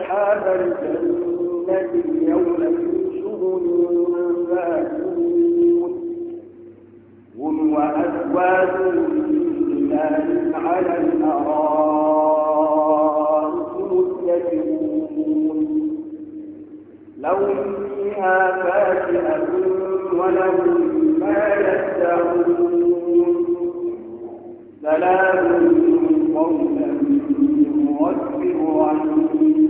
أصحاب الجنة يومئذ شغل فاكهون هم وأزواجهم من على الأرائك متكئون لهم فيها فاكهة ولهم ما يدعون سلام قولا من رب رحيم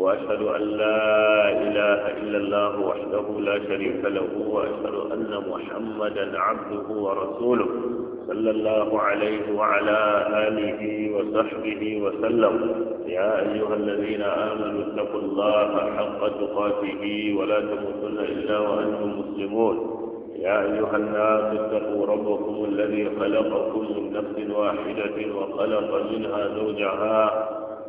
وأشهد أن لا إله إلا الله وحده لا شريك له وأشهد أن محمدا عبده ورسوله صلى الله عليه وعلى آله وصحبه وسلم يا أيها الذين آمنوا اتقوا الله حق تقاته ولا تموتن إلا وأنتم مسلمون يا أيها الناس اتقوا ربكم الذي خلقكم من نفس واحدة وخلق منها زوجها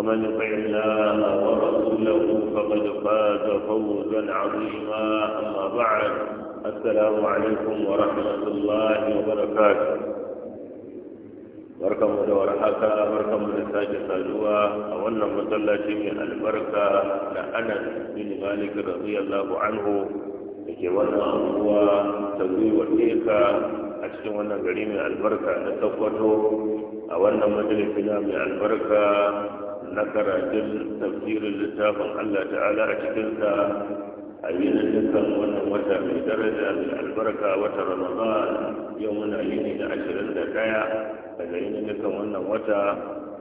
ومن يطع الله ورسوله فقد فاز فوزا عظيما اما بعد السلام عليكم ورحمه الله وبركاته mu da warhaka mu da sake saduwa a wannan masallaci mai albarka da anan bin malik radiyallahu anhu da ke wannan abubuwa, ta gwiwar teka a cikin wannan gari mai albarka na tabbato a wannan majalisi mai albarka na karatun tafsirin littafin Allah ta'ala a cikinsa a yinin dukkan wannan wata mai daraja mai albarka wata ramadan yau muna ne na ashirin da ɗaya daga yinin dukkan wannan wata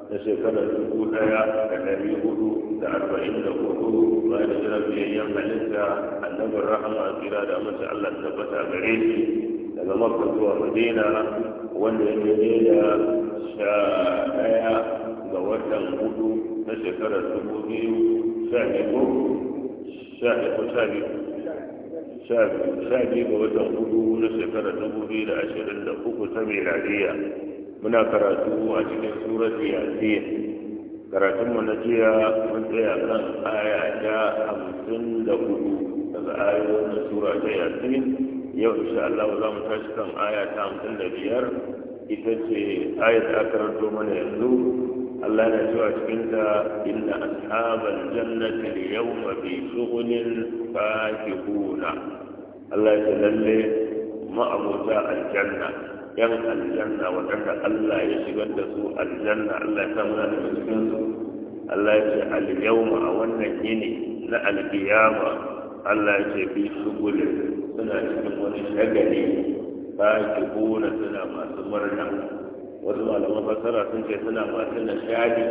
na shekarar dubu ɗaya da ɗari hudu da arba'in da hudu bayan da jiran biyayyen halitta annabin rahama tsira da mace Allah tabbata gare shi daga makka zuwa madina wanda ya ne da sha ɗaya ga watan hudu na shekarar dubu biyu sha biyu sha biyu sha biyu sha biyu ga watan hudu na shekarar dubu biyu da ashirin da uku ta miladiya muna karatu a cikin surat yasin karatunmu na jiya mun tsaya kan aya ta hamsin da hudu daga ayoyin sura ta yasin yau insha Allah za mu tashi kan aya ta hamsin da biyar ita ce ayat da aka mana yanzu Allah na cewa cikin ta inna ashabal jannati al-yawma fi shughulin fakihuna Allah ya lalle ma'abuta aljanna yan aljanna waɗanda Allah ya shigar da su aljanna Allah ya samu da cikin su Allah ya ce al-yawma a wannan yini na al-qiyama Allah ya ce fi shughulin suna cikin wani shagali fakihuna suna masu murna wasu malaman fasara sun ce suna masu nishadi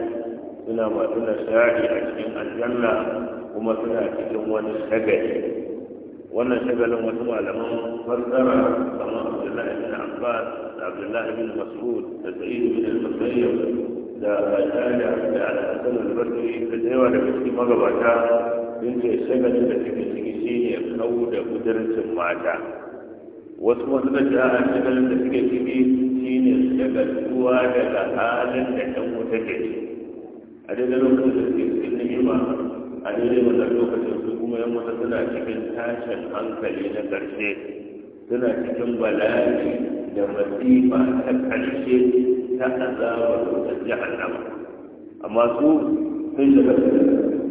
suna masu nishadi a cikin aljanna kuma suna cikin wani shagali wannan shagalin wasu malaman fassara kamar abdullahi bin abbas da abdullahi bin mas'ud da sa'id bin al-musayyib da al-hajjaj da al-hasan al-basri da yawa daga cikin magabata sun ce shagalin da cikin ciki shine kawo da kudircin mata wasu masu da shagalin da suke ciki shi ne su daga daga halin da ta wuta ke shi a daidai lokacin da suke cikin ni'ima a daidai wannan lokacin su kuma yan wuta suna cikin tashin hankali na ƙarshe suna cikin bala'i da masifa ta ƙarshe ta azaba da jahannama amma su sun shiga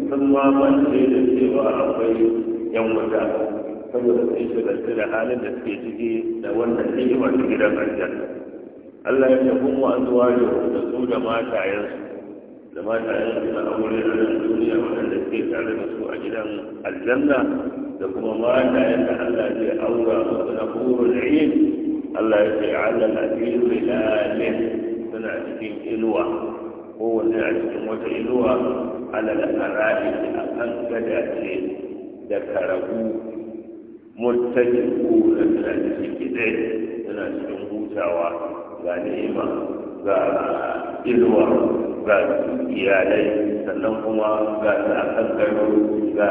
sun mamance da cewa akwai yan wuta saboda sun shiga da halin da suke ciki da wannan ni'imar gidan aljanna Allah ya tafi mu an zuwa da da su da matayensu da matayensu da aure da duniya waɗanda suke tare da su a gidan aljanna da kuma matayen da Allah zai aura musu na da yin Allah ya ce Allah na fi zilalin suna cikin inuwa kowanne a cikin wata inuwa alal ara'i a kan gada ce, da karabu muttajiku da suna cikin gidai suna cikin hutawa ga ni'ima ga inuwa ga iyalai sannan kuma ga ta kan ga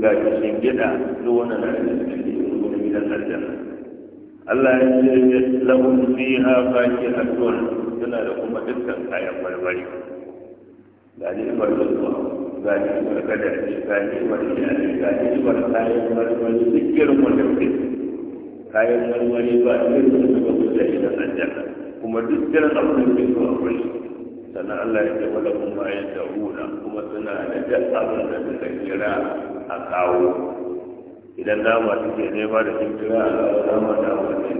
ga cikin gida duk wannan na da cikin gidan aljanna Allah ya ce lahum fiha fakihatun suna da kuma dukkan kayan marmari ga ni'imar zuwa ga ni'imar kadar ga ni'imar iyalai ga ni'imar kayan marmari duk da wannan kayan marmari ba irin da suka wuce idan aljanna kuma duk jiran abin da suke akwai sannan Allah ya taɓa da kuma ma ya tauna kuma suna da jan abin da suka kira a kawo idan nama suke nema da sun kira a kawo dama da wani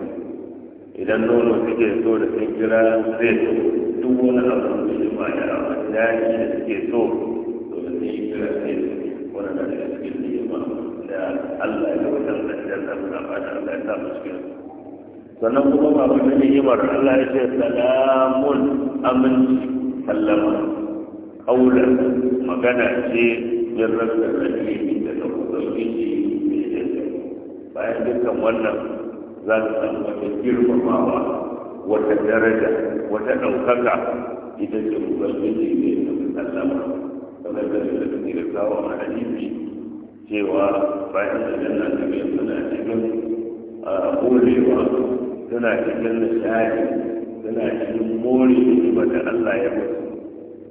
idan nono suke so da sun kira zai so duk wani abin da su ma da wani da suke so to da sun yi kira sai wannan da suke so Allah ya wutar da shi da muna fata Allah ya sa mu cikin sannan kuma ba mu da ni'imar Allah ya ce salamun aminci sallama kaula magana ce min rabbir rahim da ubangiji mai jinta bayan dukkan wannan za ta samu wata girmamawa wata daraja wata ɗaukaka ita ce ubangiji mai sallama kamar da da kawo a hadisi cewa bayan da janna ta ke suna cikin ƙorewa suna cikin nishadi suna cikin more ni'imar da Allah ya mutu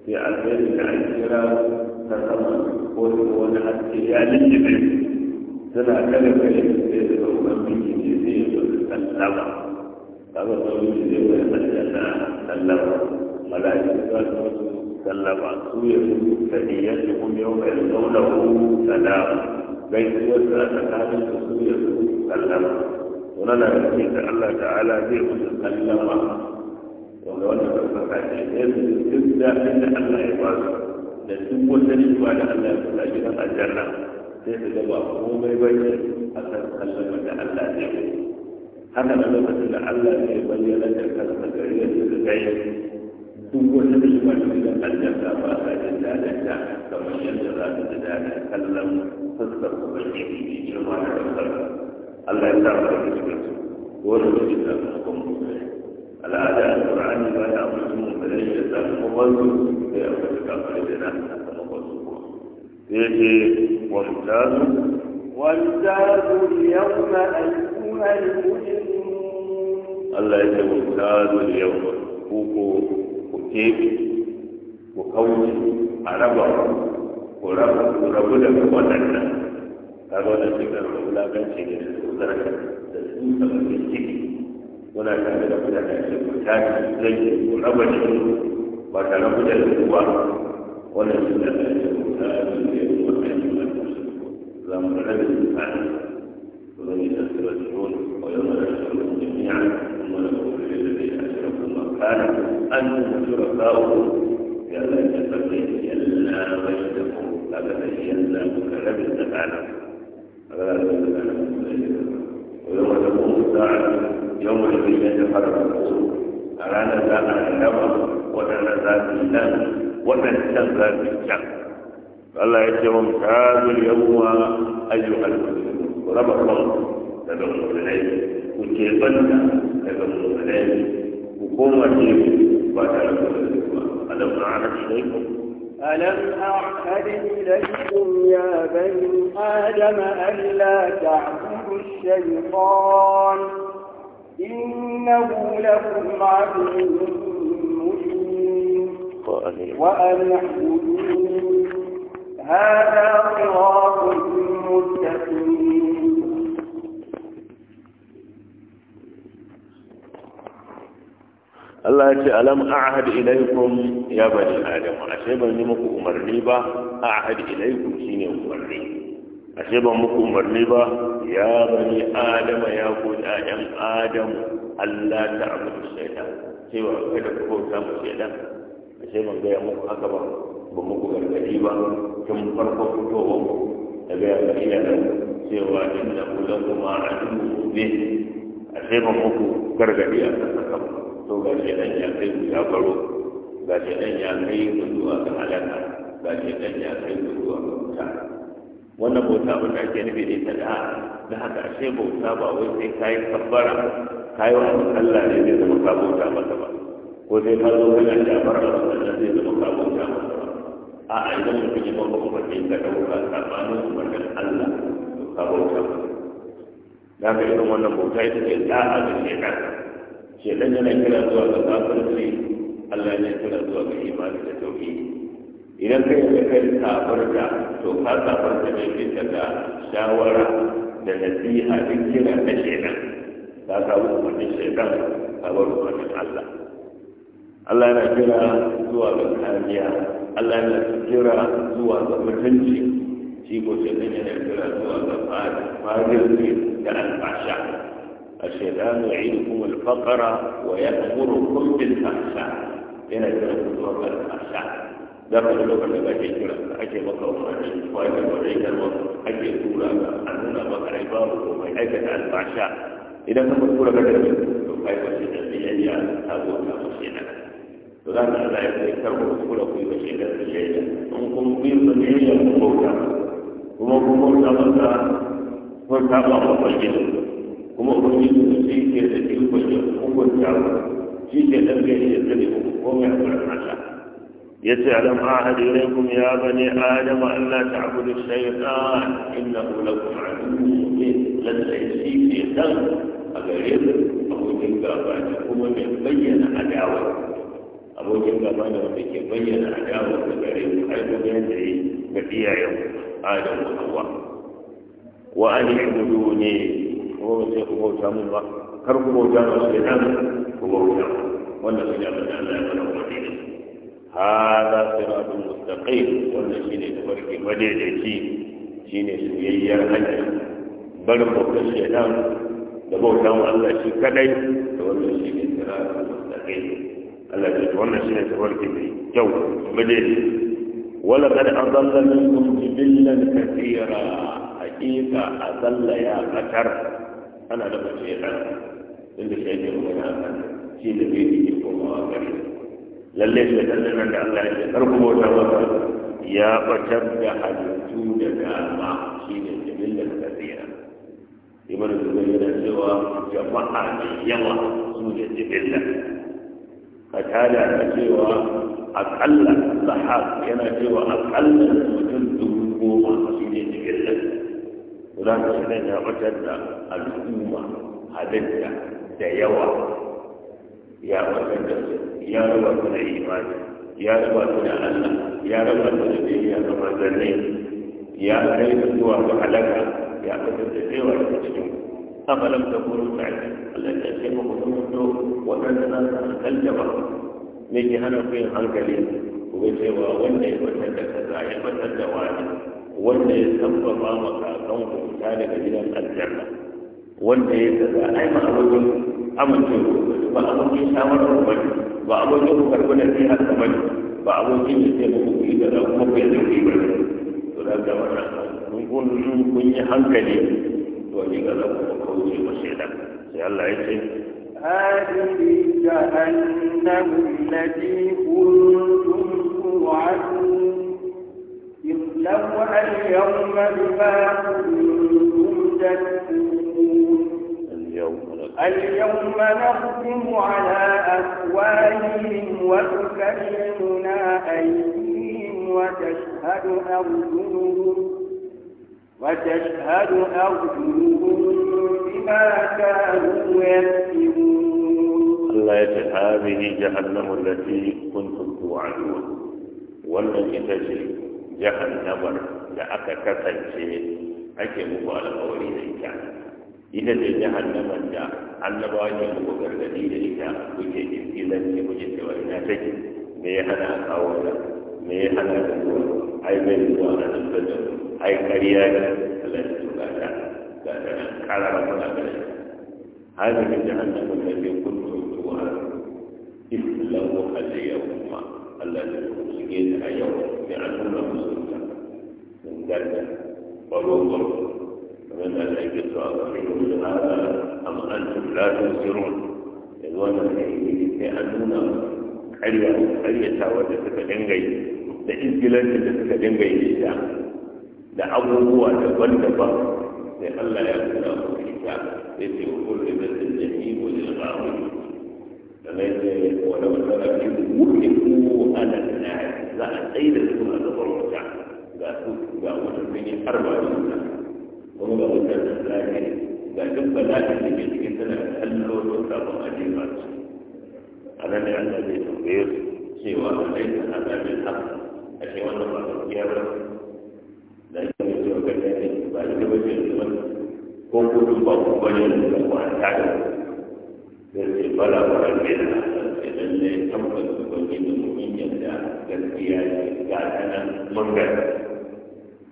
sai alheri da an kira ta sama ko wani haske ya lullube suna kada kai sai da sauran biki ne sai ya zo da sallama kaga sauran biki zai wani aljanna sallama mala'iku za su sallama su ya su sadiyyar da kuma yau mai zaunahu salama ليس يسأل هذا الرسول يسلم ولنا يقين الله تعالى به سلم ولو أن الفتاة تبدأ إلا أن لا يقال لتم وتجد بعد أن لا يكون أجرا أجرا كيف تبقى قوم يبين أن سلم لألا يقول هذا ما لفت لألا يبين لك الكلمة الجريئة للغير duk wata da shi da kallon da ba a da da da kamar yadda za ta da da kallon fuskar ubangiji mai girma da ɗaukaka Allah ya sa mu daga cikin su dole mu ji sakamakon mutane al'ada a Qur'ani ba ya ambaci mu da shi da sakamakon su sai a fata kafare da nan sakamakon su kuma sai ce wa mutazu wamtazu yawma ayyuha al-mujrimun Allah ya ce wamtazu yawma ku ko ku kebe ku kauce a raba ko rabu da waɗannan kaga wannan cikin wulaƙanci ne da tsotsar da tsutsar da ciki muna tare da mutane da ku tashi zai ko raba shi ba tare da ku ba wannan shi da ta ku tashi zai ku wannan shi da za mu rabe shi tsari da يستبشرون ويوم يشركون جميعا ثم نقول للذين اشركوا مكانا انتم شركاؤكم كما تبين بينكم فتبين مكرم تعالى فلا ويوم تقوم الساعة يوم الذين يتفرق الرسول أرانا ساعة النوم وتنزات الله وتنزات الشمس فلا يجرم تعالوا اليوم أيها المسلمون ورب الله تدعو إليه وكيفنا تدعو إليه وقوم به وتدعو إليه ألم أعهد إليكم ألم أعهد إليكم يا بني آدم ألا تعبدوا الشيطان إنه لكم عدو مبين وأن يحبوني هذا صراط مستقيم Allah ya ce alam a'had ilaykum ya bani adam ashe ban yi muku umarni ba a'had ilaykum shine umarni ashe ban muku umarni ba ya bani adam ya ku ɗayan adam Allah ta abudu sai wa kada ku bauta mu a ashe ban gaya muku haka ba ba muku gargadi ba kin farko fitowar ba daga yadda iyalan cewa inda ku zan kuma a cikin ashe ban muku gargadi a kan haka to ga shedan ya kai ku ya baro ga shedan ya kai ku zuwa ga halaka ga shedan ya kai ku zuwa ga wuta wannan bauta ba da ake nufi da ita da da haka ashe bauta ba wai sai kayi kabbara kayi wa Allah ne zai zama ka bauta masa ba ko sai ka zo kana jafar Allah zai zama ka bauta masa ba a a idan mutum ya bauta kuma sai ka dauka sabanin umarnin Allah to ka bauta masa da haka irin wannan bauta ita ce a da shedan shedan yana kira zuwa ga kafirci Allah yana kira zuwa ga imani da tauhidi idan kai da kai kafarta to ka kafarta ne bisa ga shawara da nasiha da kira da shedan ka samu umarnin shedan ka bar umarnin Allah Allah yana kira zuwa ga kariya Allah yana kira zuwa ga mutunci shi ko shedan yana kira zuwa ga fadil da alfasha أشهد أن يعيدكم الفقر ويكبركم في الفحشاء إلى جنوب الفحشاء دخل لك لما تجمع أجل بقر وحشي فايدا وعيدا وأجل كولا أنونا الفحشاء إذا كنت تقول لك أجل فايدا وحيدا بيجيا هذا هو في وشيدا kuma ubangiji da shi ke da ikon ya hukunta mu shi ke dan gani ya tsare mu ko mai hakurin Allah ya ce alam ahadi ilaikum ya bani adama an la ta'budu shaytan innahu lakum aduwwun mubin lallai shi ke dan a gare ku abokin gaba ne kuma mai bayyana adawa abokin gaba ne wanda ke bayyana adawa da gare ku ai ko yanda yi ga iyayen Adam da Hawwa wa an ibuduni ko ba sai ku bauta mun ba kar ku bauta ma shaitan ku bauta wannan shi ne abin da Allah ya mana umarni da su hada siratun mustaqim wannan shine tabarki madaidaici shine soyayyar hanya barin bautar shaitan da bautan Allah shi kadai da wannan shine siratun mustaqim Allah ya wannan shine tabarki mai kyau madaidaici ولقد أضل منكم جبلا كثيرا حقيقة أضل يا بشر أنا لما تيقع عند شيء يومي عامة في نبيه يقوم وآخر لليس يتلم عند الله يتركه وتوقع يا بشرك حد يتوجد كالما في نبيل الكثير يمر الزبير سوى جمع يلا سوى جبل فتالى سوى أقل صحاب كما سوى أقل وجد دوقوما في نبيل الكثير za ka shi nan ya batar da al'umma halitta da yawa ya batar da su ya raba su da imani ya raba su da allah ya raba su da biyayya ga manzanni ya kai su zuwa ga halaka ya batar da yawa da cikin أفلم تكونوا تعلمون الذين يسلموا خصومته hankali ناس الكلجبة من جهنم ya الحنكلين وبسوى ولا ya كذا يبتد واحد wanda ya sabbaba ma kakan ku daga gidan aljanna wanda ya tsada ai ma abokin amincewa ba abokin shawarar ba ba abokin ku karɓi da sai hasa ba ba abokin ya ce ba ku da za kuma ku yi zauri ba to da ga wannan kun kun yi hankali to ni ga za ku kauce ma shaidan sai Allah ya ce هذه جهنم التي كنتم توعدون لو اليوم بما كنتم تكفرون اليوم نختم على أفواههم وتكلمنا أيديهم وتشهد أرجلهم وتشهد أرجلهم بما كانوا يكسبون الله يجعل هذه جهنم التي كنتم توعدون والتي تجري ya jahannamar da aka kasance ake muku alƙawari da ita ita ce ya jahannamar da annabawa ne muku gargadi da ita kuke jinkilan ne kuke cewa ina take me ya hana kawo da me ya hana da zuwa ai bai zuwa na nan da ai kariya ne Allah ya tuka ta ga ta da karara muna gare هذه جهنم التي كنتم توعدون إسلموها اليوم Allah ya shige ta a yau sai an nuna musulunta sun ganta ƙwarowar kamar da Allah su a ga shi da hada amma an tumla ta sirrun yanzu wannan ne sai an nuna ƙarya ƙaryatawar da suka dinga yi da izgilancin da suka dinga yi da da abubuwa daban-daban sai Allah ya nuna musulunta sai ce wa kullu ولو تفكر وقفوا على الناس لا أيد لكم أن تضروا تعالى لا تكون لا وتبيني أربعة سنة وما وجدت لكن لا تبقى لا تجد كنت لا تحلل وتبقى أجيبات أنا لأن الذي تنبير سوى ليس هذا بالحق أشياء الله القيامة لا يمكن أن يكون كذلك بعد وجه الزمن كنت تبقى وجه الزمن التي بلغ البدعة إذا اللي تنقل توليد المؤمنية تزكية جعلنا منبع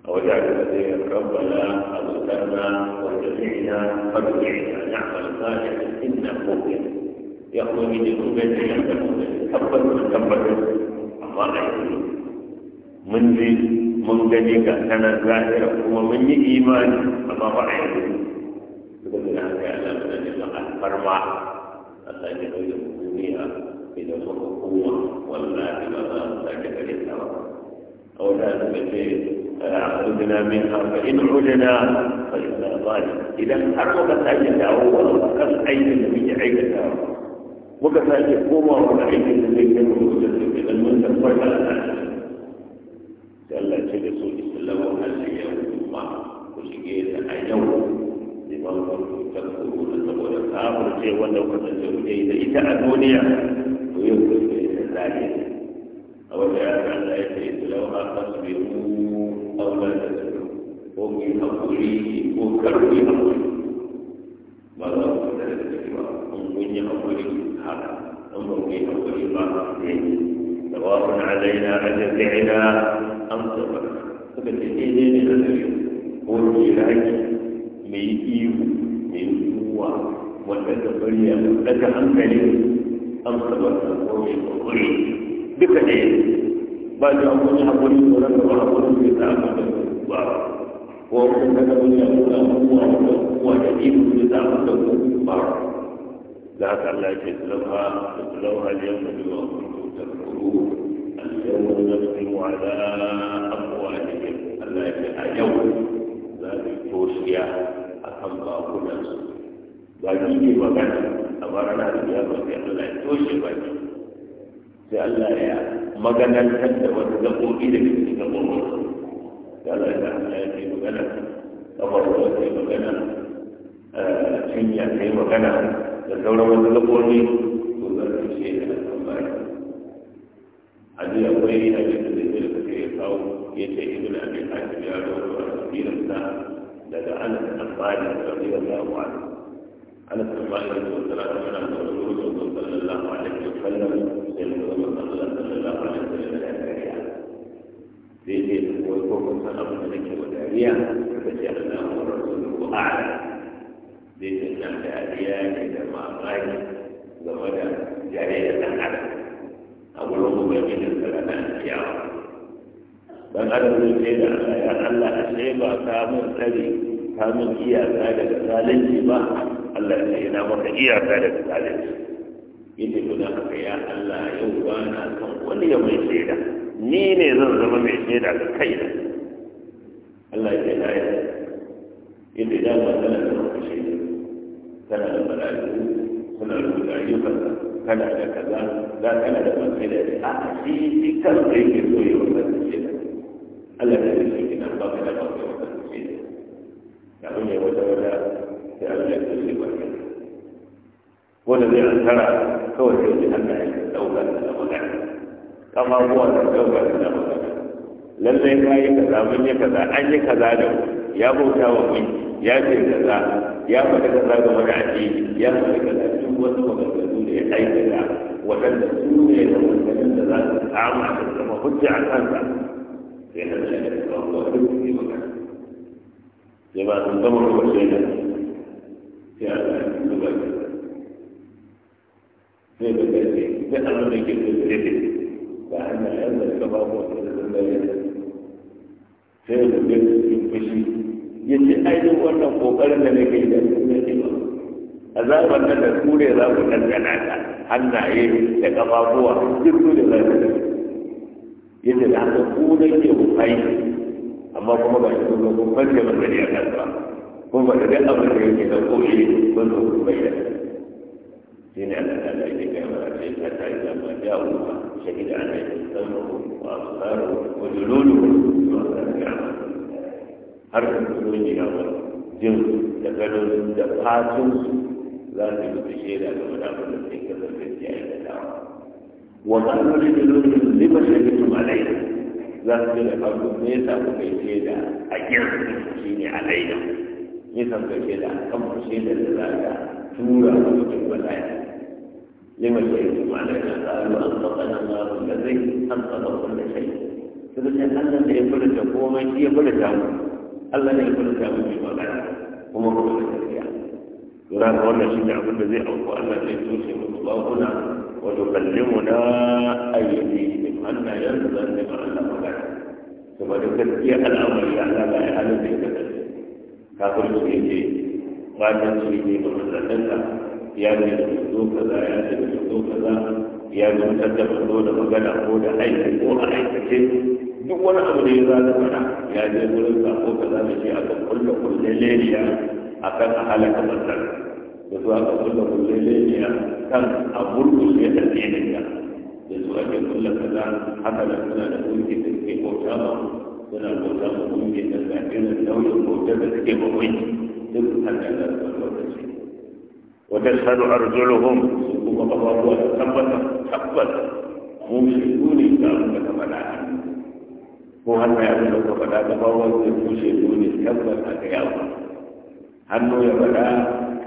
أو جعل ربنا أبصرنا وسمعنا فارجعنا نعمل صالحا إنا مؤمن يخرج من الكبد عند المؤمن تقبل من تقبل أما غيره من ذي mun gani ga tana zahira kuma mun yi imani amma ba a yanzu. Duk da haka ya lalata da alfarma فتجد الجمهورية إذا صرف قوة واللازمة ذاك للثورة أو لازم الشيء عقدنا منها فإن عدنا فإنها ظالم إذا حققت أي دعوة فقد أي نبي أي دعوة وكذلك قوة ونعيد النبي المسلم في المنزل ولا قال لا تجلسوا إسلام هل يوم الله وشيء اليوم والملك تذكرون الأولى آخر شيء ولو تذكرون إذا إتأتون ويذكر إلى الثانية أو جاءت عن آية لو أتصبروا أو لا تصبروا هم يحولي وكروا يحولي ماذا أقول لك هم يحولي هذا هم يحولي ما سواء علينا أجزعنا أم صبرنا فبالتالي هو الحج yi ihu mai kuwa wanda da murya daga hankali amsa ba ta kome hakuri duka ne ba da wani hakuri ko na gaba hakuri da ta da kuwa ko kuma da wani abubuwa da kuwa da ihu da ta da kuwa لا تعالى تتلوها تتلوها اليوم بما كنتم تذكرون اليوم نختم على أقوالهم التي اليوم ذلك توصيه kan bakunansu ba ni ne magana a barana da ya ba sai Allah ya toshe ba ni sai Allah ya maganantar da wasu gaɓoɓi da cikin gaɓoɓin sai Allah ya Allah ya kai magana kamar da wata yi magana eh, cinya ta yi magana da sauran wasu gaɓoɓi to zan ta da kan bayan hadi akwai hadisin da zai kawo ya ce ibn abi hatim ya rawaito a cikin sa لدى أنس بن مالك رضي الله عنه أنس بن مالك رضي الله عنه من الرسول صلى الله عليه وسلم صلى الله عليه وسلم فيه ويكون سلام عليك وداريا فجعلناه ورسوله أعلم بإذن الله تعالى إذا ما غاية ولا dan adam zai ce da ya Allah a ce ba ka mun samun ka mun iyaka daga zalunci ba Allah ya ina maka iyaka daga zalunci yace kuma dan haka ya Allah yau ba na kan wani ya mai shaida ni ne zan zama mai shaida ga kaina Allah ya ce ya yace da ba kana da maka shaida kana da mala'iku suna rubuta ayyukanka kana da kaza za kana da maka da a shi kan kai ke so ya wannan Allah ya yi shi nan ba ka da ba ka wata ce da mun yi wata wata da Allah ya yi ba ka wanda zai antara kawai sai ji Allah ya dauka da magana kama kuwa da dauka da magana lallai ka yi kaza mun yi kaza an yi kaza da ya bauta wa kun ya ce kaza ya faɗi kaza ga wani addini ya faɗi kaza duk wasu maganganu da ya aikata waɗanda su ne da maganganun da za su kama da zama hujja a kansa sai na da ne ba ne da ba da ba da wannan kokarin da nake da nan da kure za ku ɗanɗana ta hannaye da ƙafafuwa duk su da za yadda da haka ku da ke hukai amma kuma ba shi kuma kun fanta ban gani a kan ba kun ba da duk abin da yake da koyi ban da kun bayyana shi ne Allah ta lafi ga mara sai ta ta yi zama da uwa shahida an yi tsamu wa asaru wa dululu wa sarkama har ka tsoro ne ya ba jin da ganin da fatin su za su yi da shaida ga madafa da sai ne kan rajulun lima shahidtum alayhi za su ce da farko me yasa kuka yi shaida a girin shine alayhi me yasa kuka yi shaida a kan ku shaida da za ka tura wa mutum bala'i lima shahidtum alayhi qalu an da zai, an anqadha kull shay sai ce Allah ne ya furta komai shi ya furta mu Allah ne ya furta mu mai magana kuma kuma da gaskiya. Yura ga wannan shi ne abin da zai auku Allah zai tushe musu ba kuna وتكلمنا أيديهم أن ينزل لمن لم يكن ثم تكفي الأمر على ما يحل في كذلك كافر سيدي قال سيدي ومسلمنا يا من يسوع كذا يا من يسوع كذا ya gamsar da manzo da magana ko da aiki ko a aikace duk wani abu da ya za da ya je wurin sako ka za a kan kulle kulle a kan a da zuwa ga kulla kulle laifiya kan abun da ya tafiye da ya da zuwa ga kulla kaza haka da suna da gunki da suke bauta ma suna bauta ma gunki da zafi da nauyin bauta da suke bawai duk haka da zuwa lokaci wata sadu arzuluhum su kuma kafafuwa da tabbata tabbata mu shaidu ne ga muka ta faɗa ko hannu ya zama ka faɗa ta bawa zai mu shaidu ne tabbata ga yawa hannu ya faɗa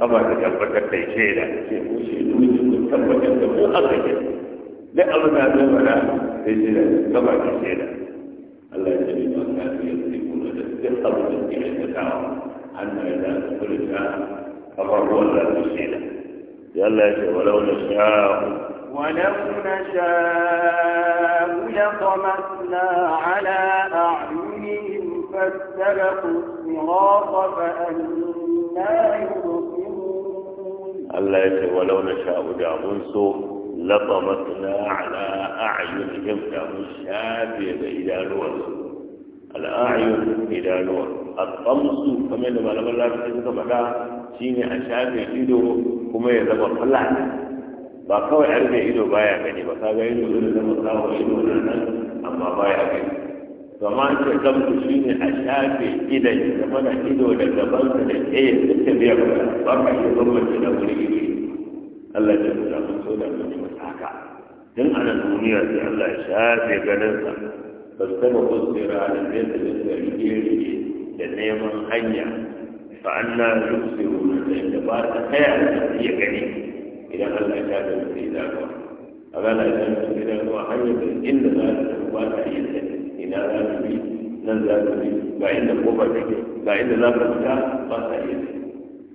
sama da tabbatar da shaida ce ko shaidu ne ku tabbatar da ko haka ne da abin da zai mana sai shaida sama da shaida Allah ya ce ba ka yi yanzu kuma da duk abin da ke da kawo hannu ya da su furta kamar ruwan da su shaida ya Allah ya ce walau na sha'u ولو نشاء لطمسنا على أعينهم فاستبقوا الصراط فأنا يبصرون Allah ya ce walau na sha'u da mun so lafa matsala ala a'yunihim da mun shafe da idanuwansu al'ayun idanuwa a tsamsu kamar da malaman lafiya suka faɗa ne a shafe ido kuma ya zama flat ba kawai a rufe ido baya gani ba ka ga ido zai zama kawo ido na nan amma baya gani kama ce gamsu shi ne a shafe idan da mana ido da gabansa da ɗaya da ta biya ba ka yi bambanci da wuri iri Allah ya mu samu so da mu mu saka tun duniya sai Allah ya shafe ganinsa ba su taɓa kusura da zai ta dinga rige-rige da neman hanya fa an na rufe wani da ba ta taya da su iya gani idan Allah ya shafe mu sai zaka a gana idan su gidan ruwa hanyar da inda za ta ba ta iya إلى آدم نزل به وعند قبر بعد ذلك كان قد أيده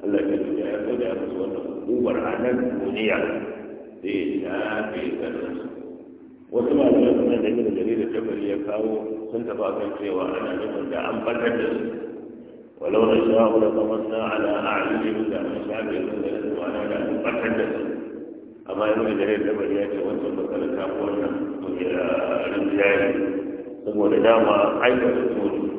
الذي يدعي يقول يا رسول الله قبر عن المنيع لا في ذلك وسمع الناس من عند الجليل الكبير يكاو سنت باكل في وانا لمن دا ام ولو نشاء لطمسنا على اعينهم لا مشاكل لنا وانا لا ام اما يقول الجليل الكبير يكاو سنت باكل في وانا لمن ولنام عين السكون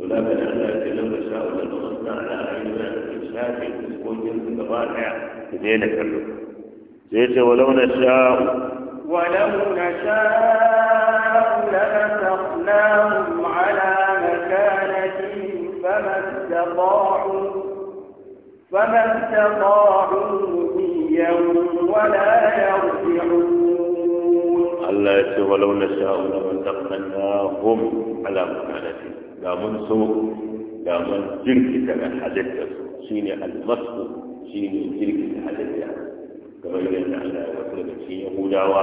ولا من أن أكل على عين الإنسان يكون جلد الرابع إذين كله ولو نشاء ولو نشاء لمسخناهم على مكانتهم فما استطاعوا فما استطاعوا مضيا ولا يرجعون Allah ya ce walau na sha'u da wasaƙannahum ala makanati da mun so da mun jirkita da halitta su shine almasu shine jirkita halitta kamar yadda Allah ya wasu daga cikin Yahudawa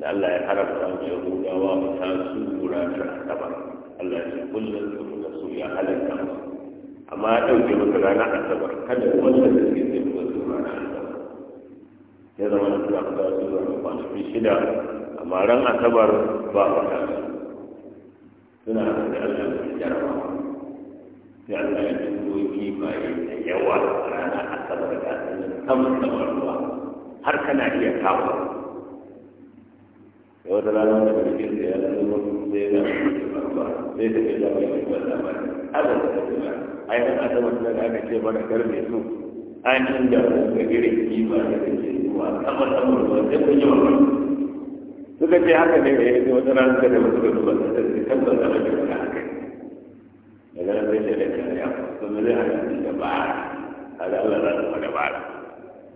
da Allah ya haramta wa Yahudawa ta su lura da asabar Allah ya ce kullum da su ya halitta amma ya ɗauke maka ranar asabar kada wanda da suke zai wasu ranar asabar ya zama da su a kusa su zama kwanaki amma ran asabar ba wata suna da allah mai jarabawa sai allah ya tuko kifaye da yawa ranar asabar da sanin saman saman ruwa har kana iya kawo da wata rana da kake da ya zama sai da ruwa sai da ya zama yi ba zama azan da kuma ainihin asabar da aka ce mana karfe su an inda ga irin kifa da kake zuwa saman saman ruwa sai kun yi wa suka ce haka ne ya eh, yanzu wata ranar kada wasu ga zuwa ta ce kan ba zama da wani haka daga nan sai shaidar kariya kuma zai hana shi da ba a da Allah za su da ba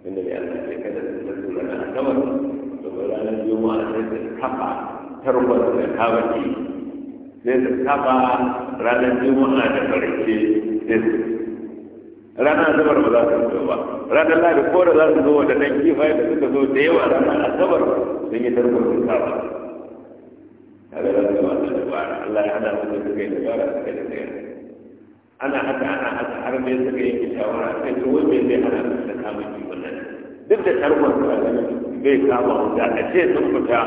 inda mai Allah ce kada su ta tura na asabar domin ranar juma'a sai su kafa tarwar da kawaki sai su kafa ranar juma'a da farke sai su Rana asabar ba za su zo ba ranar ladi ko da za su zo nan kifaye da suka zo da yawa ranar asabar sun yi tarkon sun saba kaga za su wata dabara Allah ya hada su da suka yi dabara suka yi dabara ana haka ana haka har me suka yanke shawara kai to wai me zai hana su da kama kifin nan duk da tarkon su bai kama da a ce sun fita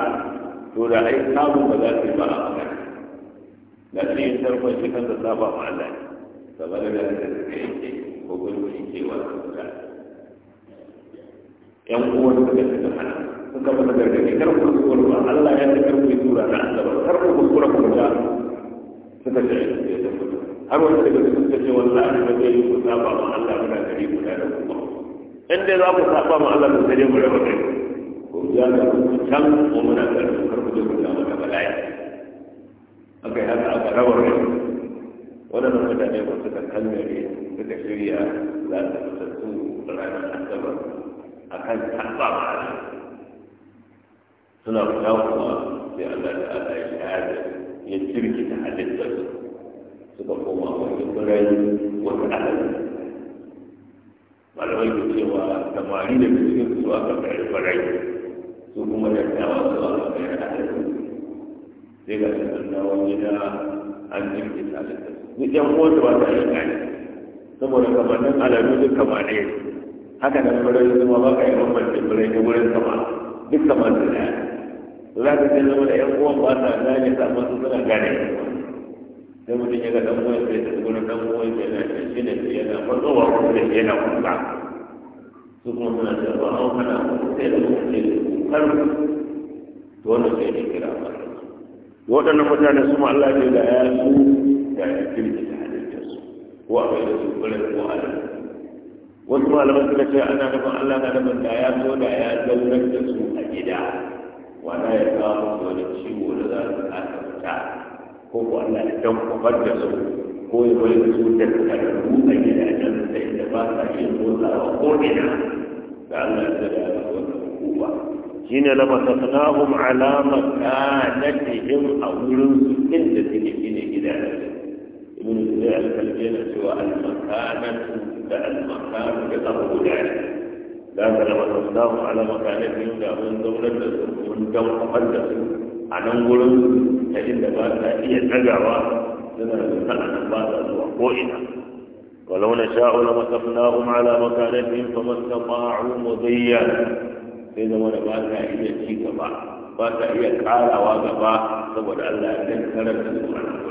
to da ai kamun ba za su yi ba a magana da shi tarkon shi kan da saba ma Allah ne saboda da suka yanke gwagwarmarin cewa su guda yan uwan suka suka hana suka fi gargaɗi kar ku kuskura ba Allah ya ta karku yi tura na azaba kar ku kuskura ku guda suka ce ya ta fito har wani daga su suka ce wallahi ba zai yi ku saba ma Allah muna gari guda da kuma in dai za ku saba ma Allah ku sai mu raba kai ku ya ga ku can ko muna gari kar ku je ku ga mata bala'i akai haka aka rawar rai waɗannan mutane ba suka kalmare suka shirya za su fitattu ranar asabar a kan taɓa ba suna fita kuma sai Allah da Allah ya shahada ya cirki ta halittar suka koma wani birai wani alamu malamai ke cewa samari da cikin su aka bayar birai su kuma da dawa su aka bayar alamu sai ga sun dawo gida an jirgin halittar duk yan kotu ba ta yin gani saboda kamannin alamu duk kama ɗaya haka kuma rai zuma ba ka yi bambancin furai ne wurin sama duk kama da ɗaya za ka ce zama da yan uwan ba ta gane samun su suna gane sai mutum ya ga dan uwan sai ta gurin dan uwan sai na shi ne sai yana matsowa kuma da yana kusa su kuma suna da ba a kana sai da kuma ce kar to wannan sai ne kira ba waɗannan mutane su ma Allah ne da ya su ta yi kirki ta halittarsu ko a bai da su ɓarin ko adam wasu malaman suka ce ana nufin allah na nufin da ya so da ya zaunar da su a gida wana ya kawo su wani ciwo da za su kasa fita ko ko allah ya dan kwabar da su ko ya bai da su da karatu a gidajen da inda ba sa iya motsawa ko ina da allah ya zada ya zama wata hukuma shine la masaknahum ala makanatihim a wurin su inda suke gine gidajen من ذلك الجنة والمكانة مكان كتبه ذلك لكن لما تصداه على مكانتهم من دولة من دولة مقدسة عن أنقل فإن ما تأتي تجعوا لنا نتعلم بات وقوئنا ولو نشاء لمسخناهم على مكانتهم فما استطاعوا مضيا إذا ما بات هي تجعوا بات هي تعالى وقفا سبب الله أن تنكرت المعنى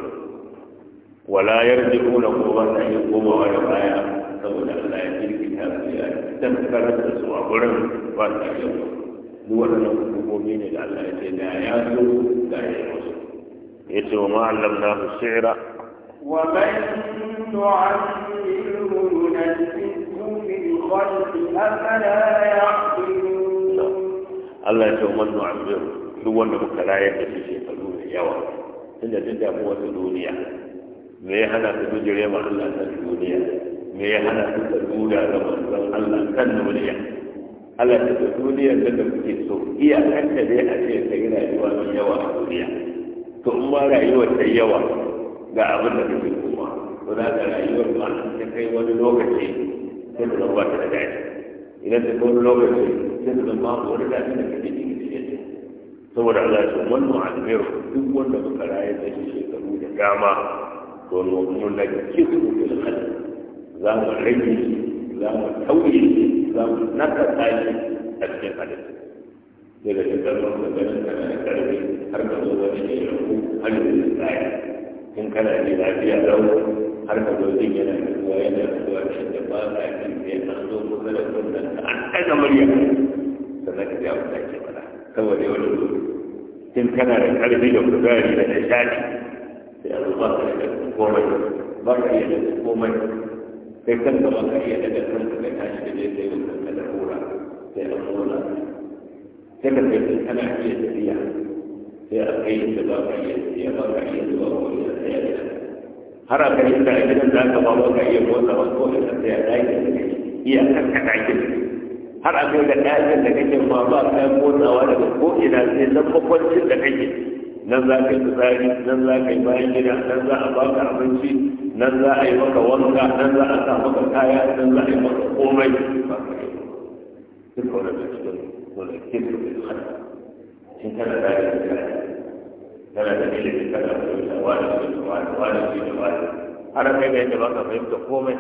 ولا يرجعون قوانا يقوم ولا بايا سولا لا يجير كتاب يا تم فرد سوى برم وانا يقوم نور نقوم بمين لعلا يجينا ياسو لا يجوز يتو ما علمناه الشعر ومن نعلمه نسبه من خلق أفلا يعقلون الله يتو من نعلمه هو نبكلا يجب شيء فلوه يوا إن جدا هو الدنيا me ya hana su bijire ma Allah ta duniya me ya hana su ta dura ga manzon Allah kan duniya Allah ta ta duniya da da kuke so iya kanta dai a ce ta yi rayuwa mai yawa a duniya to in ma rayuwar ta yawa ga abin da kake kuma to da ka rayuwar ma ta kai wani lokaci sai ta zama ta da daɗi idan ta kai wani lokaci sai ta zama wani daɗi da kake cikin cikin saboda Allah ya ce wannan almiru duk wanda muka raye da shi shekaru da dama wani wani da ke su da kai za mu rage za mu tauye za mu naka tsaye a cikin halitta daga cikin karfin da ganin kana da karfi har ka zo wani ne ya ku halin da tsaye in kana ne lafiya da wani har ka zo zai yana da kuwa yana da kuwa da shi da ba ka yi da ya san zo kuma da kuma da ta an ɗaga murya sannan ka jawo ta ke fara saboda yau da zo in kana da karfi da kuzari da ta sai ba ka da komai ba ka iya da komai kai kanka ba ka iya da kanka kai tashi da je sai wannan ka da hura sai an hura sai ka kai kana iya tafiya sai a kai da ba ka iya tafiya ba ka iya zuwa ko iya tsaya da har a kai da gidan da aka ba ba ka iya motsa ba ko iya tsaya da gidan iya kanka da gidan har a kai da ɗakin da kake ma ba ka motsawa daga ko ina sai nan makwancin da kake nan za ka yi tsari nan za ka yi bayan gida nan za a baka abinci nan za a yi maka wanka nan za a sa maka kaya nan za a yi maka komai ba ka yi duk wani da cikin wani kinsu da hada shi kana da ya tsari kana da ilimi kana da wuta wani da wani wani da wani har kai ga yadda ba ka fahimta komai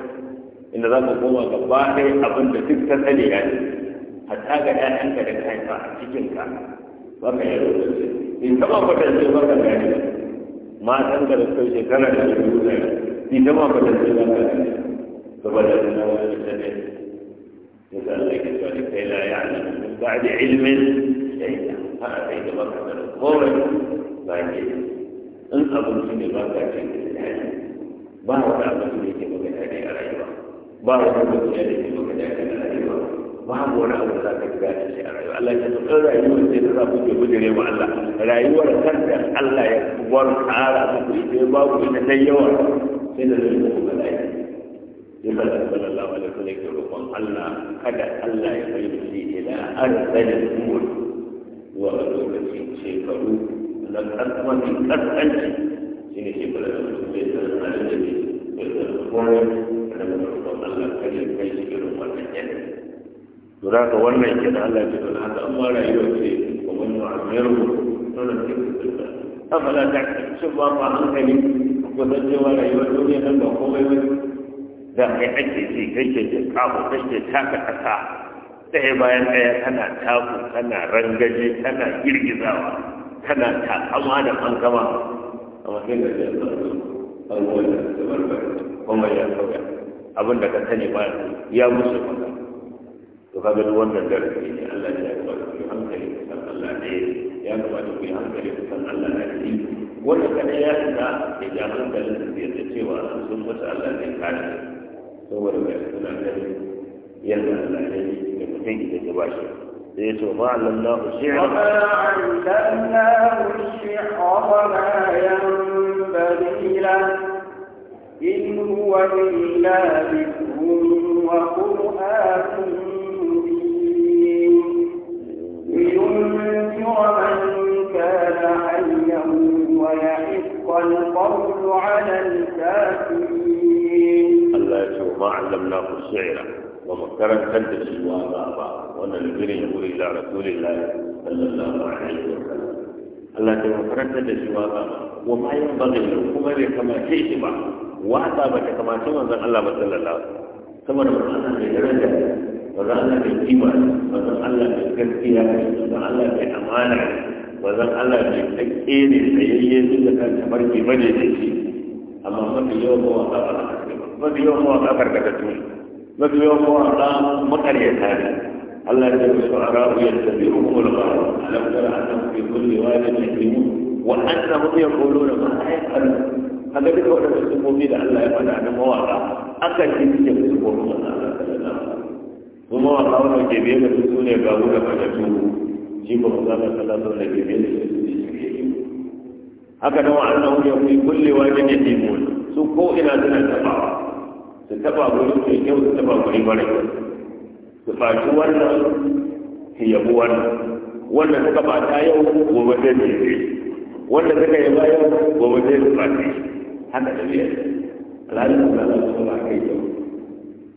inda za ka koma gaba ɗaya abin da duk ta sani ya ne hatta ga 'ya'yanka da ka haifa a cikinka ba ka yi rubutu in taba kwatance ba ka gane matan ka da kai shekara da ke ma ɗaya in taba ba ka gane saboda na wani da ne ya sa Allah ke da kai la ya alamu min ba'di ilmin shay'a a kai da ba ka gane ba ke in abinci ne ba ka ba wani abinci ne ke maka dadi a rayuwa ba wani abinci ne ke maka dadi a rayuwa babu wani abu da za ka gane shi a rayuwa Allah ya tsara rayuwar sai da za ku ke gudure wa Allah rayuwar kanta Allah ya kubar tsara muku ita babu ita dan yawa sai da zai ku mala'ika yin bala sallallahu alaihi wasallam yake roƙon Allah kada Allah ya kai da shi ila arzalin umur zuwa ga lokacin shekaru na kasuwanci kasuwanci shi ne shekaru da mutum zai tsara da shi da zai tsara da kowa da mutum Allah kada ya kai lura ga wannan ke da Allah ke da haka amma rayuwar ce wa wani ma'amiyar mu wannan ce ku duka amma da cin ba ma hankali kusan wani rayuwa dole nan ba komai ba da kai ake ce kai ke kafa kai ke taka kasa ɗaya bayan ɗaya kana taku kana rangaje kana girgizawa kana takama da fankama amma sai ga jami'a abubuwan da su da kuma ya sauya abin da ka sani ba ya musu fankama تغادر وانا ذلك ان الله لا يقبل في عنك لتسال الله العلم يا نبات في عنك لتسال الله العلم ولك ان ياتك اذا كنت لن تزيد سوى انزل واسال الله العلم عليك سوى لك يا سيدنا النبي يا نبات الله العلم يقتين اذا تباشر ليس وما علمناه الشعر وما علمناه الشعر وما ينبغي له إن هو إلا ذكر وقرآن لينذر من كان حيا ويحق القول على الكافرين الله يسوع ما علمناه الشعر وما كان كنت سوى بابا وانا البري يقول الى رسول الله صلى الله عليه وسلم الله يسوع كنت سوى بابا وما ينبغي له كما كما شئت بعد وأتى بك كما شئت الله صلى الله عليه وسلم saboda mutum ne wazan Allah mai kima ne wazan Allah mai gaskiya ne wazan Allah mai amana ne wazan Allah mai tsakke ne tsayayye duk da kan tabarki bane da shi amma mafi yawan mawaka ba mafi yawan mawaka karkatattu mafi yawan mawaka makaryata ne Allah ya ce shu'ara yattabi'uhum al-ghawa alam tara annahum fi kulli wadin yahimun wa annahum yaquluna ma la yaf'alun kaga duka waɗanda sukofi da na kuma wanda wanda ke biye da su ne ga wuka daga su shi ba za ka kalla sun da ke biye da su ne yi haka nan wa'annan wuri ya kuyi kullewa da ke timun su ko ina suna tabawa su taba guri mai kyau su taba guri mara su faci wannan su yabi wannan wanda suka ta yau gobe zai ce wanda suka yi yau gobe zai su faci haka da biyar alhalin da za su ba kai yau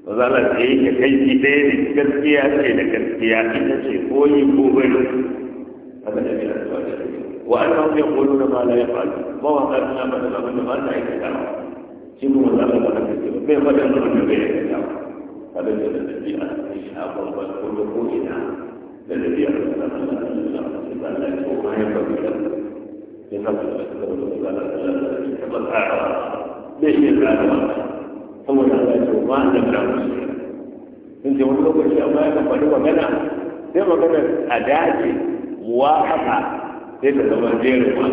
mazala ce ka kai shi ɗaya ne gaskiya ce da gaskiya ita ce koyi ko bai da da wa an hau ya kolo na ma la ya faru ba wa ka tuna ba da abin da ba ta aikata ba shi mu mazala ba ka ce ba bai ba da bai aikata ba kada da da dabi'a ta yi a babban kolo ko ina da dabi'a ta zama da Allah da Allah ko ma ya faru da ya haka da ta zama da Allah da Allah ta ba ta ba bai iya tsara ba saboda Allah ya ce ma an dabra musu in ce wani lokaci amma ya faɗi magana sai magana a dace muwafaka sai ta zama jerin ma kamar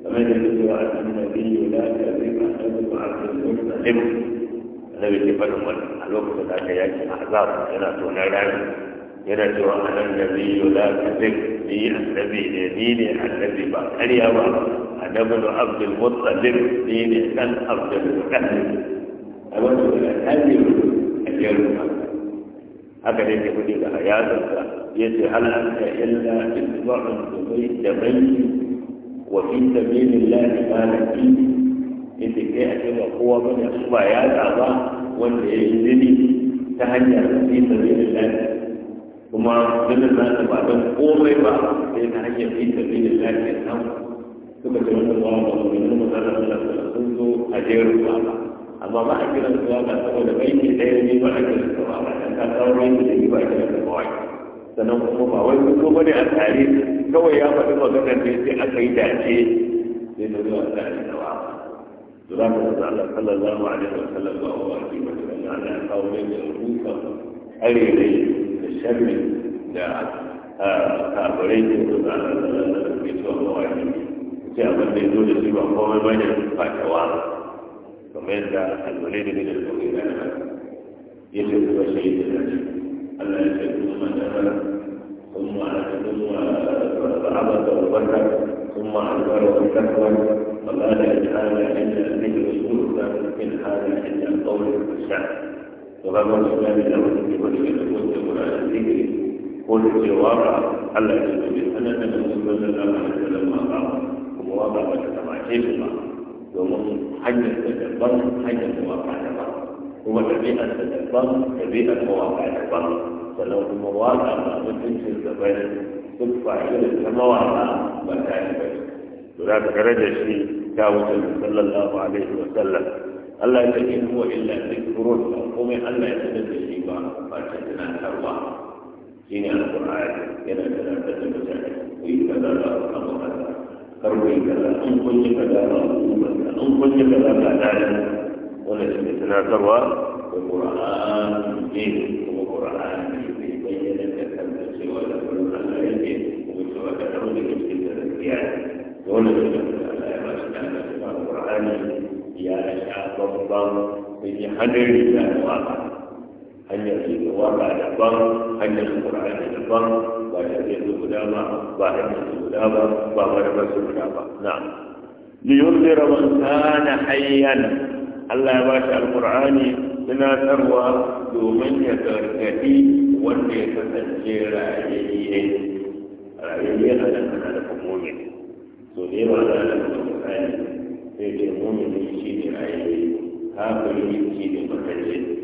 da ya ce wa annabi la ta zai ka hanzu ba a kan muslim annabi ke faɗin wannan a lokacin da aka yaki azab yana tonar rami yana cewa anan nabi la ta zai ni annabi ne ni ne annabi ba karya ba annabi abdul muttalib ni ne dan abdul muttalib a wani da hanyar a jerin ba haka ne ke kudi da hayatarsa ya ce halarta illa isba'un da bai da mai wa fi sabilin lahi malaki ya ce kai a cewa kowa ba da su ba ya ba wanda ya yi zini ta hanyar fi sabilin lahi kuma zinin na ta ba don komai ba sai ta hanyar fi suka ce ba ba ba ne kuma zanen da sun zo a jerin ba amma ba a kira su waka saboda baiti ɗaya ne ba a kira su ba dan ka kawo baiti da ni ba a kira su ba sannan kuma ba wai fito bane a tare kawai ya faɗi maganar ne sai aka yi dace sai da zuwa tare da ba to za ka ga Allah sallallahu alaihi wa sallam ba wa ki ba da Allah kawo ne da ruka arere da sharri da ah, kafirai ne da Allah sallallahu alaihi wa sallam ke cewa abin da ya zo da shi ba komai bane fatawa كما يدعى الوليد بن المغيرة يسر وشيء النبي ألا يجب من ثم ثم عبد وبكر ثم عبر واستكبر فقال إن هذا إلا الذكر سلوكا إن هذا إلا القول والشعر وغمر الإسلام له في وجه المسلم على الذكر قل في واقع ألا يجب أن أنا من سبب لما قام ومواضع وتتماشى الله domin hanyar da daban hanyar mawaka daban kuma ɗabi'ar da daban ɗabi'ar mawaka daban sannan kuma waka ba mutuncin da bane duk fa'idar ta mawaka ba ta yi ba lura da darajar shi ta wuce sallallahu alaihi wa sallam Allah ya ce in huwa illa dhikrun kuma Allah ya sanar da shi ba ba ta tunatarwa shine alqur'ani yana tunatar da mutane ku yi kaza da abu kaza karwai kaza an kunye kaza ba kuma an kunye kaza ba dare wannan shi ne tunatarwa da qur'ani ne kuma qur'ani ne bayyana da kanta cewa da Allah yake kuma cewa da dawo da cikin da gaskiya dole ne da Allah ya ba shi da qur'ani ya sha babban sun yi hadari da waka hanyar da waka daban hanyar qur'ani daban hanyar su guda ba ba ba ba na kana hayyan Allah ya ba shi alqur'ani domin ya gargadi wanda ya kasance rayayye rayayye a nan kana da mu'min so da yawa da nan da sai dai mu'min shi ne rayayye kafiri shi ne makalle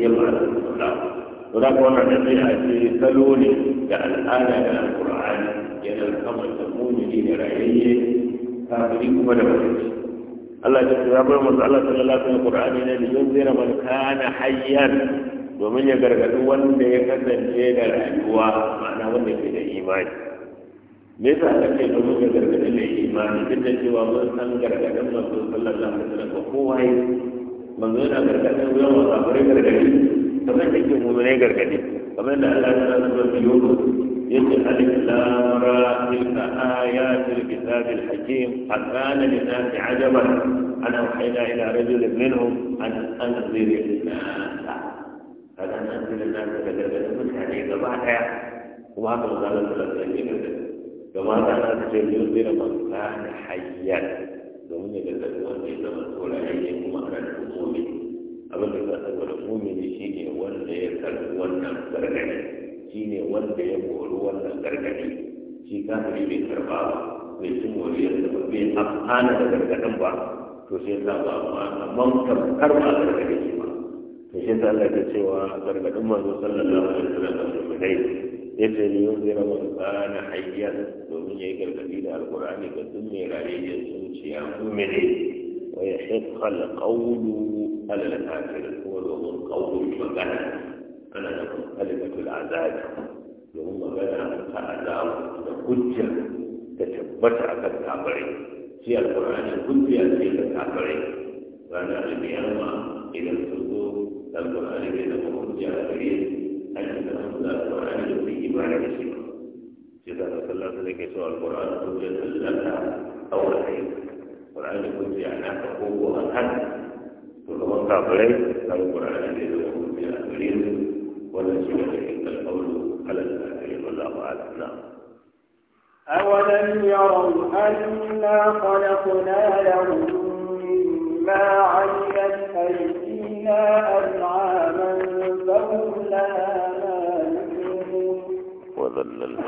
يبعث الله ولا قرآن عندنا في سلول يعني الآن يا القرآن يعني الكم تكون لي رأيي فابريك ولا بريك الله جل الله صلى الله عليه وسلم القرآن إلى ينذر من كان حيا ومن يقرأ دون يكذب جيد الحجوة معنى ومن يكذب الإيمان ليس هذا الشيء الذي يقرأ الإيمان إلا سوى من كان يقرأ صلى الله عليه وسلم وقوة manzo yana gargaɗin zuwa masu akwai gargaɗi kamar da ke mummune gargaɗi kamar da Allah ya sa zuwa biyo yace alif lam ra tilka ayatul kitabil hakim akana linasi ajaban an awhayna ila rajulin minhum an anzir nasa kada an anzir nasa da gargaɗin mutane gaba ɗaya kuma haka mazalar da lafiya ne gaba ɗaya gaba ɗaya na ta ce biyu zira man kana hayyan domin ya da wanda ya zama tsoraye ne kuma karatu mumini abin da za saboda mumini shine wanda ya karɓi wannan gargaɗi shine wanda ya kori wannan gargaɗi shi kafiri bai karɓa ba bai ci moriyar da ba bai amfana da gargaɗin ba to sai ta ba ma amman karɓar ba gargaɗi shi ba to sai ta Allah ta cewa gargaɗin manzo sallallahu alaihi wasallam da mutai yace ne yau zai rawa kana hayyan domin ya yi gargaɗi da alkur'ani ga duk mai rayuwar zuciya mumini wa ya haifa alƙawulu alal kafirin kuma domin ƙawulu magana ana da kalimatul azabi domin magana ta azabu da hujja ta tabbata akan kafirai shi alkur'ani hujja ce ta kafirai ranar alƙiyama idan sun zo alkur'ani bai zama hujja a gare an yi da alkur'ani da su imani da shi إذا سلمت لك سوى القرآن توجد لنا أو الحين القرآن يكون في أعناق القوة والحد كل من كافرين له القرآن الذي يقول في الأخرين ولا شيء عند القول على الآخرين والله أعلم نعم أولم يروا أنا خلقنا لهم مما عملت أيدينا أنعاما فهم لها مالكون وذللنا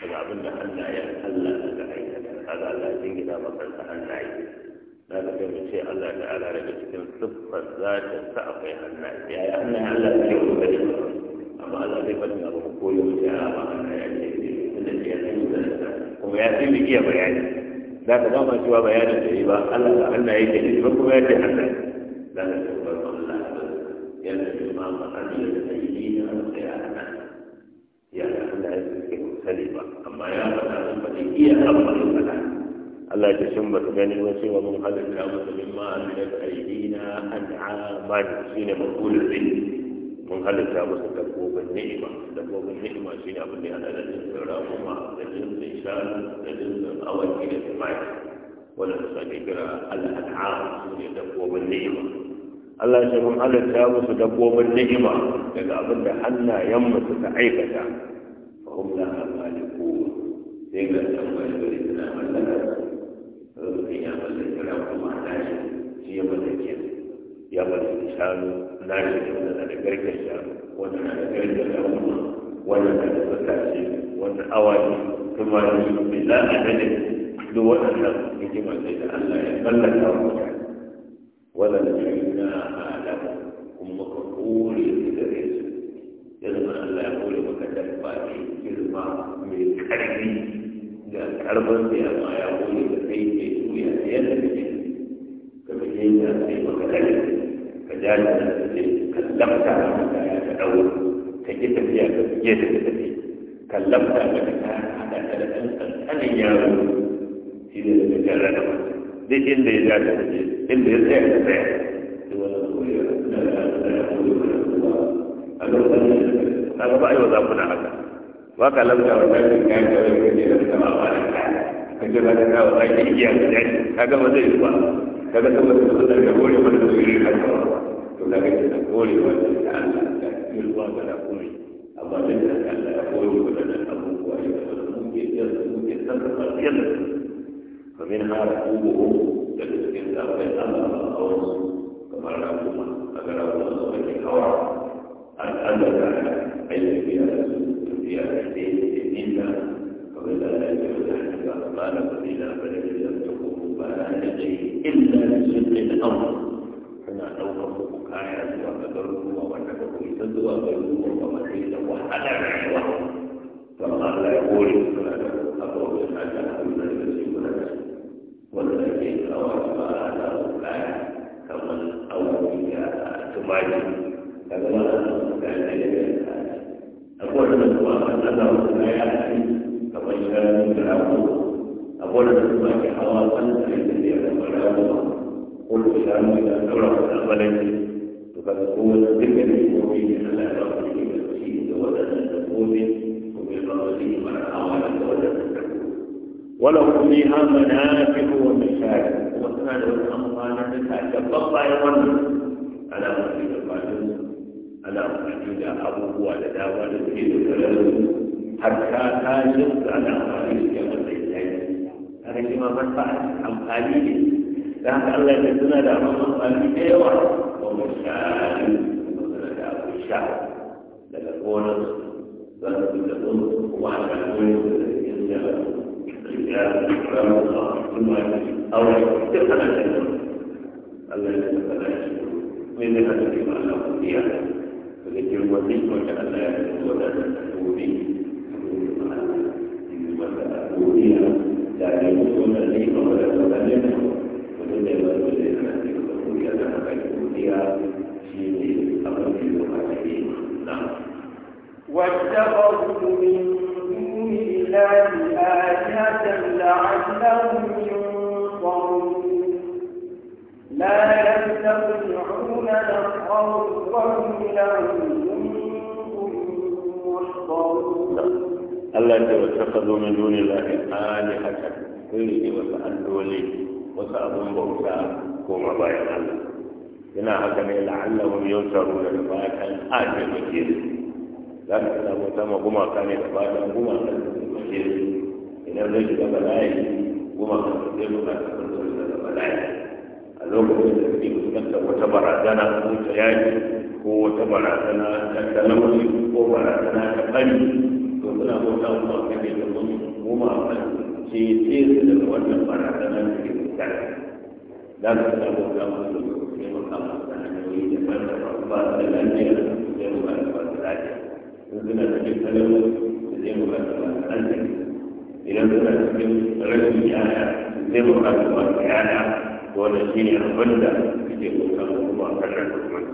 فبعضنا أن أن لا تعين هذا لا دين إلى مثل أن نعين هذا كم شيء الله تعالى رجعت من صفة ذات السعف يا أن نعين أن لا تعين بشرا أما لا صفة من الركوي وجهاما أن نعين إلا شيء ثم يأتي بكي أبا يعني ذاك دوما سوى بيان الجريبة ألا أن أي شيء يجبكم يأتي حتى لا نشوف الله لا أبدا يأتي بما أمر أن يجب أن يجب أن يجب أن يجب أن يجب sani ba amma ya faɗa su ba zai iya amfani faɗa Allah ya shin ba su gani ba cewa mun halitta musu min ma amilat aidina an'aman shine maqulul zin mun halitta musu dabbobin ni'ima dabbobin ni'ima shine abin da ya hada da jinsin raƙuma da jinsin shanu da jinsin awaki da tumaki wanda su ake kira al'an'am shine dabbobin ni'ima Allah ya mun halatta musu dabbobin ni'ima daga abin da hannayenmu suka aikata fa hum la سيقول الأول يريد أن أعمل لك فذلك يعمل لك الحكم ناشد في يوم الكيان يعمل الإنسان ناشد وأنا على قريب الشام وأنا على قريب الأمة وأنا على التكاسي وأنا أواني كما يقول بلا عدد دو أن يجب أن لا يملك أو ولن يعناها لهم هم مقبول يدرس يجب أن لا يقول مكتب باقي كلمة من كريم ga karban da ya ma ya goye da kai ke tuya da yadda kake ka bi yadda kai maka dare ka jari da kake ka lamta da maka ya ka dawo ka ki tafiya ka fiye da ka tafi ka lamta da ka ta hada ka da ɗan ƙanƙanin yaro shi ne da jarra da duk inda ya ja da kake inda ya tsaya ka tsaya duk wani koyar da ya koyar da ya koyar da ya koyar a ga ba da ya wa zakuna وقلبت وسلم كان كويس كثيرا كما قال فكيف هذا وغير اياه يعني هذا ما زي الله كذا كما تقول يقول ولا تقول حتى ولكن تقول ولا تعلم تكفي الله ولا قوي الله جل وعلا يقول ولا الامر وايد ولا ممكن تصدق فمنها ركوبه تجد انت الامر كما رأوا كما رأوا الحوار الأمر على علم بها زيادة إلا وإلا لا يجوز أن قال suna ɗaukar muku kaya zuwa ga da wahalar rayuwa to amma Allah ya kore suna da abubuwan kuna wanda ake kawo ba kaya kamar da ya أقول لك أنه لا يعلم كطيران العقول أقول لك حواصل ليس لي علم ولا قل إسلام إذا أدرك الأولين فنقول ذكر المؤمن على ربه المسجد ولن تكون وبالرجل مع حواله ولن ولهم فيها منافع ومشاكل وكان الأموال تتكبر أيضا على مسجد القادم ألا أجد أبوه ولا لا ولد إلا ولد حتى تاجر على خليك والعزيز هذا كما منفعة عن قليل لكن الله يجدنا لا من قليل أيضا إيوة. ومرسال لا أبو الشعر لا أبونس بل كل أنس وعلى أبونس إلا الله يكتب لنا الله يكتب لنا من هذا الإيمان له وزيد وكأن لا واتخذوا من دون الله آلهة لعلهم ينصرون لا يستطيعون نصرهم وهم لهم Allah ce wa ta kazo min duni lahi ali haka kai ne wasu alloli wasu abun bauta ko ma bayan Allah yana haka ne la'allahum yawtaruna da fatan ajiye ke za ka samu ta magumaka ne da fatan gumaka da ke idan zai shiga bala'i gumaka da zai lura da kansu da bala'i a lokacin da suke fuskantar wata barazana ko ta yaki ko wata barazana ta talauci ko barazana ta ɓari to suna bauta mu a kan yadda mun mu ma a ce ce su daga wannan barazana da ke fuskanta za su ta bauta da su maka masu hanyoyi da ban da ba su da lafiya da mu ba da ba su lafiya in suna cikin talauci zai ba da ba su lafiya idan suna cikin rashin yaya zai mu ba da ba su yaya wannan shi ne abin da suke bauta mu a kan yadda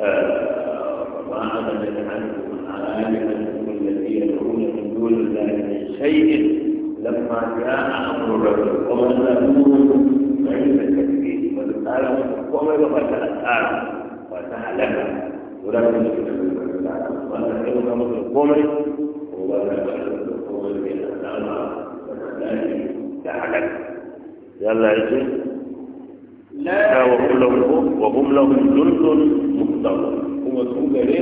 وأعلم عنهم عالمهم التي يدعون من دون الله من شيء لما جاء أمر ربك ومن لهم فإن التكفير ومن لهم ومن لهم وتعلم ولكن وتعلم أمر القوم وتعلم القوم بين الأمر تعلم يلا يا شيخ لا وهم لهم وهم لهم جند musamman kuma su gare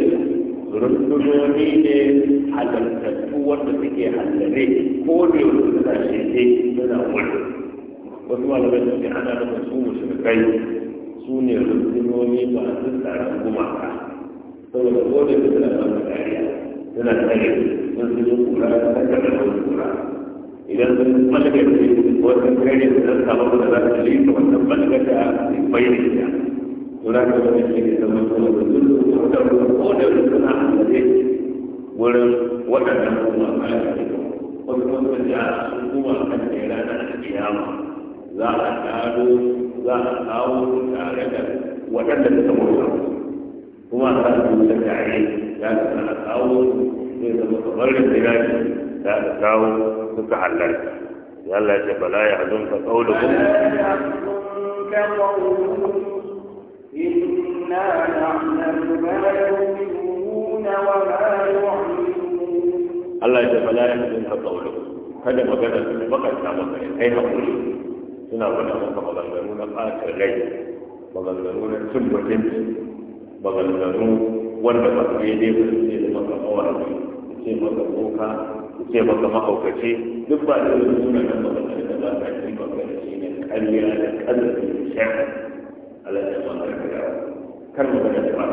su rundunoni ne halartattu wanda suke hallare ko da yau suna shirye suna wani wasu malamai su ne ana da su mushrikai su ne rundunoni masu tsaron gumaka saboda ko da yau suna samun kariya suna tsare sun su yi kura da kasar da wani kura idan sun malaka ce wasu kare su zan samu da za su lisa wannan malaka ta bai da gudanar da shi ne zama kuma da duk wadanda ko da suna amfani wurin waɗannan kuma kayan wasu kuma da sun kuma kan da ranar kiyama za a taro za a kawo tare da waɗanda suka mutu kuma a kan su da tare za a kawo zai zama kamar da jirage za a kawo suka halarta yalla ce bala ya hazunka kaulukum إنا نعلم ما يؤمنون وما يعلمون الله يتفلا يحزنك قوله kada magana su ne bakanta maka ya kai suna gwada maka maganganu na ɓata rai maganganu na cin mutunci maganganu wanda ba su yi ba su ce maka mawaki su ce maka boka su ce maka mahaukaci duk ba da yi suna nan maganganu da ba ta yi da shi ne ƙarya da ƙarfi da shafi Allah ya wanda ka ga kan mu da ba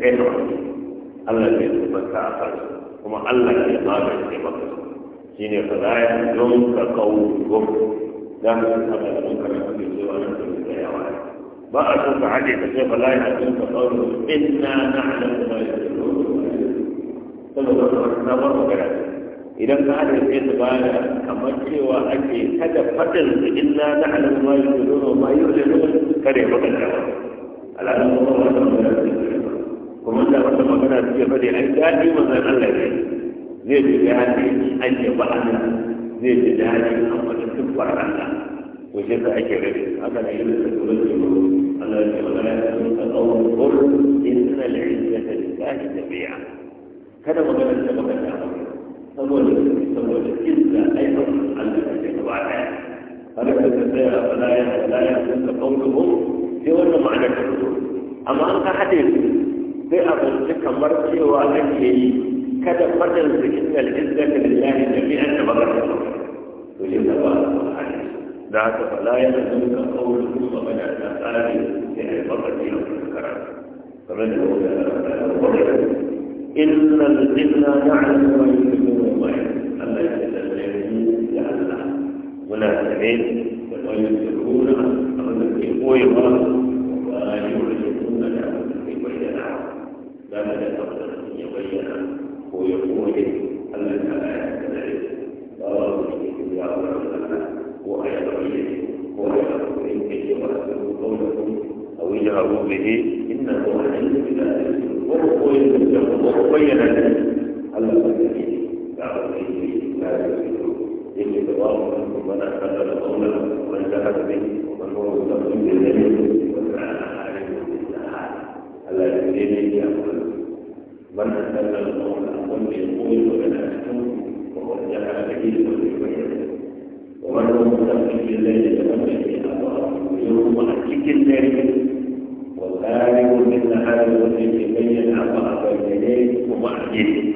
kai ne Allah ya tabbata a kan kuma Allah ya magance maka shine ka da ya don ka kawo gum dan ka da don ka da zuwa nan da yawa ba a so ka haje ka sai bala ya don ka kawo inna na'lamu ma yaqulun saboda wannan ba ka da idan ka hada sai su bada kamar cewa ake kada fadin su inna na halin ma yi tsoro ma yi tsoro kada ya makanta ba alhalin kuma wata magana su kuma da wata magana su ke fadi an daɗi manzan Allah ne zai ji daɗi an yi ba Allah zai ji daɗi an wani Allah to shi sa ake rabe haka na yi da kuma su yi Allah ya ce magana ya ce ka tsawon gurin inna al'izzata lillahi jami'a kada magana ta makanta ba saboda saboda kinsa aikon Allah da ke gaba ɗaya har da ta tsaya a balaya a balaya sun da kawo sai wannan ma'anar ta fito amma an ka haɗe su sai a banci kamar cewa ake yi kada fadar su inda al'izzata lillahi jami'an da bakar da to shi da ba da haka balaya da sun da kawo kuma ba da ta tsari sai a yi bakar da yau karatu kamar da wanda ya faɗa إن الذين نعلم العلم ولا يسرون أن يقويها ولا يعلمون لهم يبينها لا مدى تقدر أن يبينها ويقول أن لا يستدعي قالوا في الله لنا وأيضا وأيضا إن يجعلوا قولكم أو يجهروا به إنه علم لا يسر وهو يسر وهو بين له إني ببرر منكم ولا أتخذ قولا ومن جهد به ومن هو مستقيم بالدليل وكان عليه بالسعادة ألا يهديني يقول من أتخذ القول ومن يقول ومن أحكم ومن جهد به ومن ومن هو مستقيم بالليل فمن يهديه الله يوم حقيق الليل والآن من هذا الذي يبين الحق بين يديه ومعجزه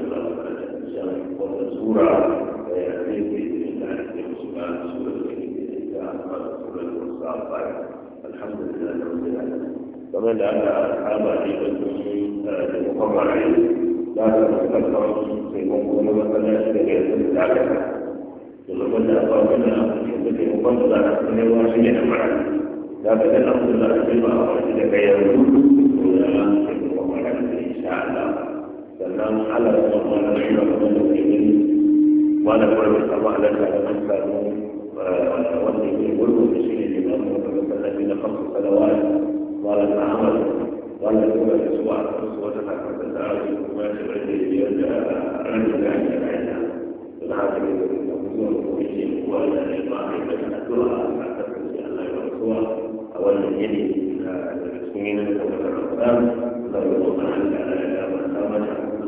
سورة الحمد لله رب العالمين ومن أتى أصحاب عيبة مقرر لا تتذكرهم في مقوم مثلا شركة العالم ولقد أقامنا في مقدمة من واحدة معنا لا بدل أفضل أن تبقى واحدة كيان dan Allah subhanahu wa ta'ala mukminin wa la qurra Allah la ta'ala wanda ke gurbin da shi ne da mu da sallabi na farko salawat wa la ta'amal wanda kuma da su a kan su wata ta kan da shi kuma shi da ke biyar da ran da ya yi aina da haka ne da kuma zuwa ko shi ko da ne ba a yi da addu'a a kan shi Allah ya rasuwa a wannan yini da cikin yinin da kuma da Ramadan da ya zo kan Allah ya rasuwa